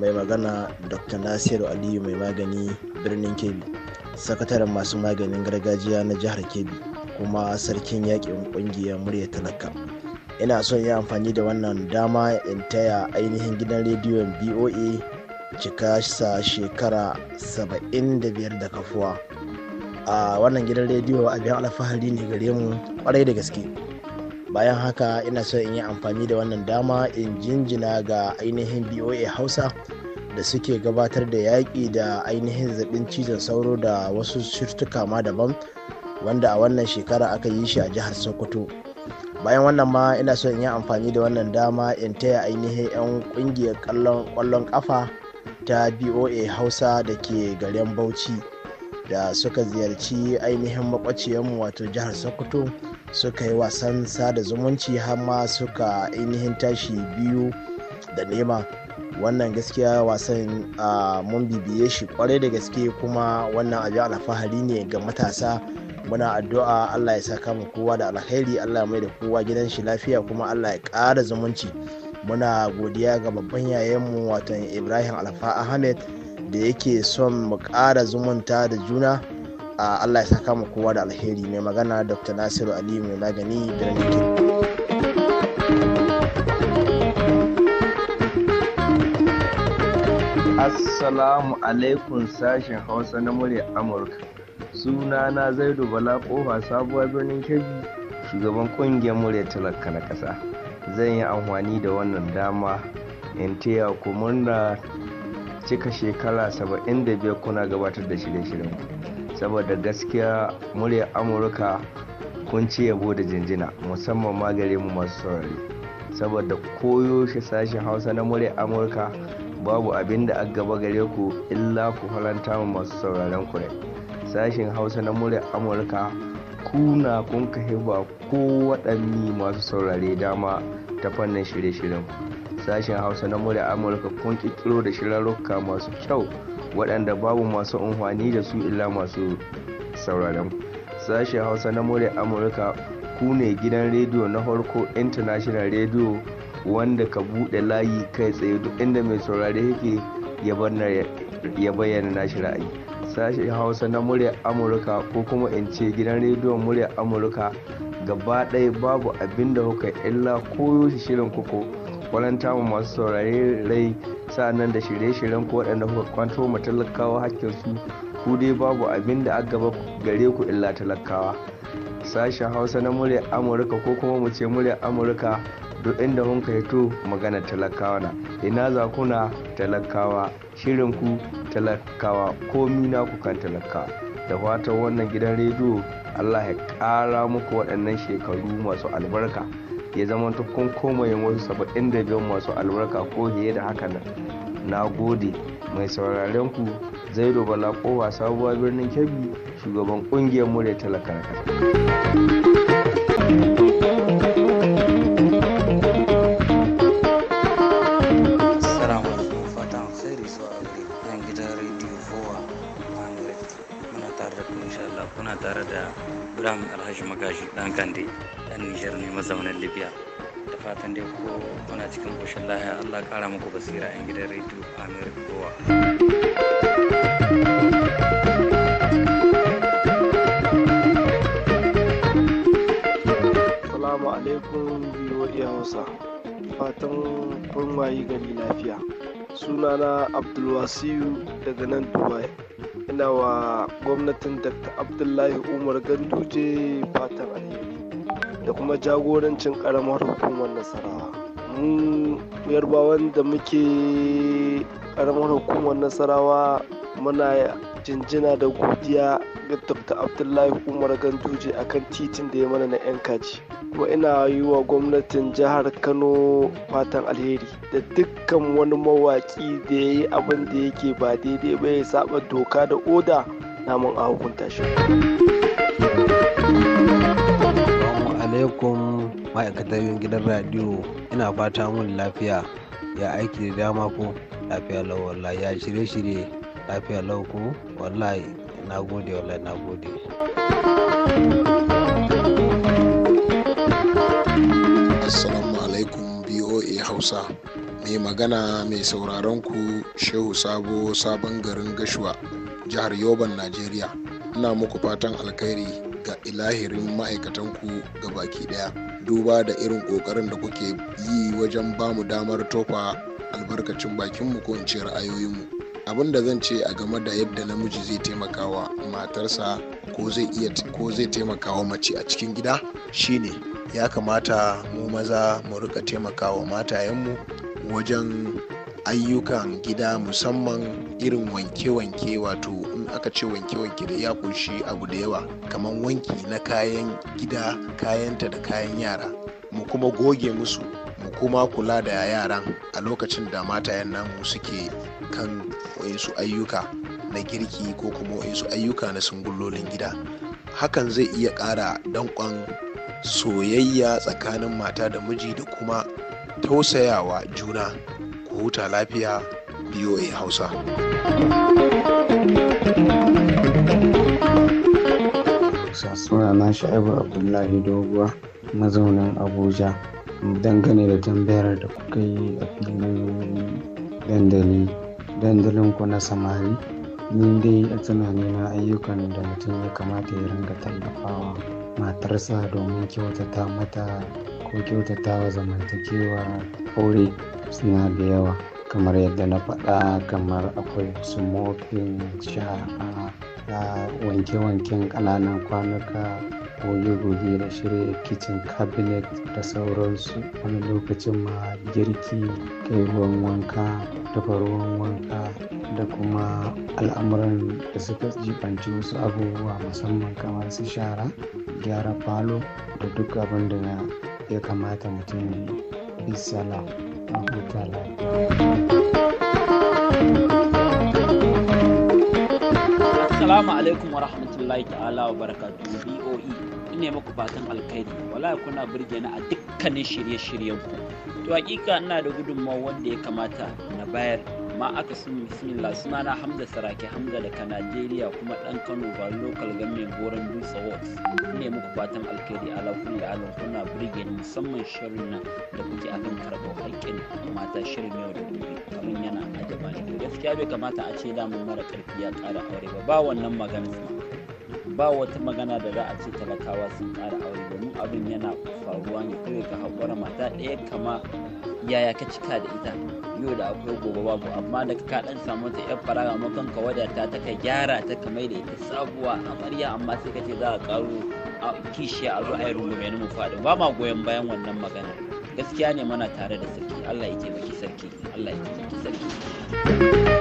mai magana dr nasiru aliyu mai magani birnin kebbi sakataren masu maganin gargajiya na jihar kebbi kuma sarkin yakin kungiyar murya talaka ina son yi amfani da wannan dama in taya ainihin gidan rediyon boa cika sa shekara 75 da kafuwa a wannan gidan rediyo a abin alfahari ne gare mu kwarai da gaske bayan haka ina so in yi amfani da wannan dama in jinjina ga ainihin boa hausa da suke gabatar da yaƙi da ainihin zaɓin cizon sauro da wasu shirtuka ma daban wanda a wannan shekara aka yi shi a jihar sokoto bayan wannan ma ina so in yi amfani da wannan dama in taya ainihin 'yan ƙungiyar kwallon kafa ta boa hausa da ke garin bauchi da suka ziyarci ainihin makwaciyarmu wato jihar sokoto suka yi wasan sada zumunci har ma suka ainihin tashi biyu da nema wannan gaskiya wasan mun bibiye shi kwarai da gaske kuma wannan abin alfahari ne ga matasa muna addu'a allah ya saka mu kowa da alkhairi allah ya mai da kowa gidan shi lafiya kuma allah ya ƙara zumunci muna godiya ga babban yayinmu watan ibrahim alfa ahmed da yake son mu ƙara zumunta da juna a allah ya saka mu kowa da alheri mai magana dr nasiru aliyu mai magani da nake Assalamu alaikum sashen Hausa na murya Amurka. Suna na Zaidu Bala Kofa sabuwar birnin Kebbi, shugaban kungiyar murya talaka na ƙasa. zan yi amfani da wannan dama in taya ku murna cika shekara 75 kuna gabatar da shirye-shiryen saboda gaskiya murya amurka kun ci yabo da jinjina musamman ma gare mu masu saurari saboda koyo shi sashen hausa na murya amurka babu abin da aka gaba gare ku illa ku faranta mu masu sauraron ku sashen hausa na murya amurka kuna kun kahe ba ko waɗanni masu saurare dama ta fannin shirye-shiryen sashen hausa na murya amurka kun ƙirƙiro da shirarruka masu kyau waɗanda babu masu unhwani da su illa masu sauraron sashen hausa na murya amurka ku ne gidan rediyo na farko international radio wanda ka buɗe layi kai tsaye duk inda mai saurare yake ya bayyana nashi ra'ayi sashen hausa na muryar amurka ko kuma in ce gidan rediyon muryar amurka gaba ɗaya babu abin da kuka illa koyo shirin kuku kwananta mu masu saurari rai nan da shirye-shiryen ku waɗanda kuka kwanto mu talakawa hakkin su ku dai babu abin da aka gaba gare ku illa talakawa sashen hausa na muryar amurka ko kuma mu ce muryar amurka duk inda kun ka hito magana talakawa na ina za kuna talakawa shirin ku talakawa ko mina ku kan talakawa da fatan wannan gidan rediyo allah ya ƙara muku waɗannan shekaru masu albarka ya zama kun koma wasu saba'in da biyan masu albarka ko fiye da haka na gode mai sauraren ku zairo bala kowa sabuwa birnin kebbi shugaban kungiyar murya talakar kuna tare da ibrahim alhaji magashi dan kande dan nijar ne mazaunin libya da fatan dai ko kuna cikin koshin lahiya allah kara muku basira yan gidan rediyo amir kowa Assalamu alaikum biyoyi Hausa. Fatan kun wayi gari lafiya. Sunana Abdulwasiyu daga nan Dubai. Ina wa gwamnatin Dr. Abdullahi Umar Ganduje fatan alheri da kuma jagorancin karamar hukumar Nasarawa. Mu yarbawan da muke karamar hukumar Nasarawa muna jinjina da godiya ga dr abdullahi umar ganduje kan titin da ya mana na 'yan kaji kuma ina yi wa gwamnatin jihar kano fatan alheri da dukkan wani mawaki da ya yi abin da yake ba daidai ba ya saba doka da oda namun a hukunta shi alaikum yin gidan radiyo ina fata mun lafiya ya aiki da dama ko lafiya lawan ya shirye-shirye lafiya lau wallahi na gode wallahi na gode assalamu alaikum boa hausa mai magana mai sauraron ku shehu sabo sabon garin gashuwa jihar yoban najeriya ina muku fatan alkhairi ga ilahirin ma'aikatanku ga baki daya duba da irin kokarin da kuke yi wajen bamu damar tofa albarkacin bakinmu ko in ce ra'ayoyinmu abin da zan ce a game da yadda namiji zai taimaka wa matarsa ko zai iya ko zai taimakawa mace a cikin gida shine ya kamata mu maza mu rika taimakawa matayenmu wajen ayyukan gida musamman irin wanke-wanke wato in aka ce wanke-wanke da ya kunshi abu da yawa kamar wanki na kayan gida kayanta da kayan yara mu kuma goge musu kuma kula da yaran a lokacin da matayen namu suke kan su ayyuka na girki ko kuma su ayyuka na sungullolin gida hakan zai iya ƙara danƙon soyayya tsakanin mata da miji da kuma tausayawa juna ku huta lafiya boa hausa suna na sha'ibu abdullahi doguwa mazaunin abuja dangane da tambayar da kuka yi a filin dandali dandalin ku na samari ni dai a na ayyukan da mutum ya kamata ya ringa tallafawa matarsa domin kyautata mata ko kyautata wa zamantakewa aure suna da yawa kamar yadda na faɗa kamar akwai smoking mofin a wanke-wanken ƙananan kwanuka goge-goge da shirya kicin cabinet da sauransu wani lokacin ma girki kai ruwan wanka dafa ruwan wanka da kuma al'amuran da suka jibanci wasu abubuwa musamman kamar su shara gyara falo da duk abin da ya kamata mutum ya a huta Assalamu alaikum wa rahmatullahi ta'ala wa barakatuhu BOE ne muku fatan alkhairi wala kuna burge na a dukkanin shirye-shiryen ku to hakika ina da gudunmawa wanda ya kamata na bayar amma aka sun bismillah suna na hamza sarake hamza daga najeriya kuma dan kano ba local government goron dutse works ne muku fatan alkhairi ala kulli ala kuna burge ni musamman shirin nan da kuke akan karɓar haƙƙin mata shirin yau da gobe kamar yana a jama'a gaskiya bai kamata a ce damun mara karfi ya ƙara aure ba ba wannan maganar ba wata magana da za a ce talakawa sun ƙara aure domin abin yana faruwa ne kawai ka haƙura mata ɗaya kama yaya ka cika da ita yau da akwai gobe babu amma da ka ɗan samu ta yar faraga makon ka wadata ta ka gyara ta ka mai da ita sabuwa amarya amma sai ka ce za a ƙaro kishi a zo a yi rungume mu faɗi ba ma goyon bayan wannan magana gaskiya ne mana tare da sarki Allah ya taimaki sarki Allah ya taimaki sarki.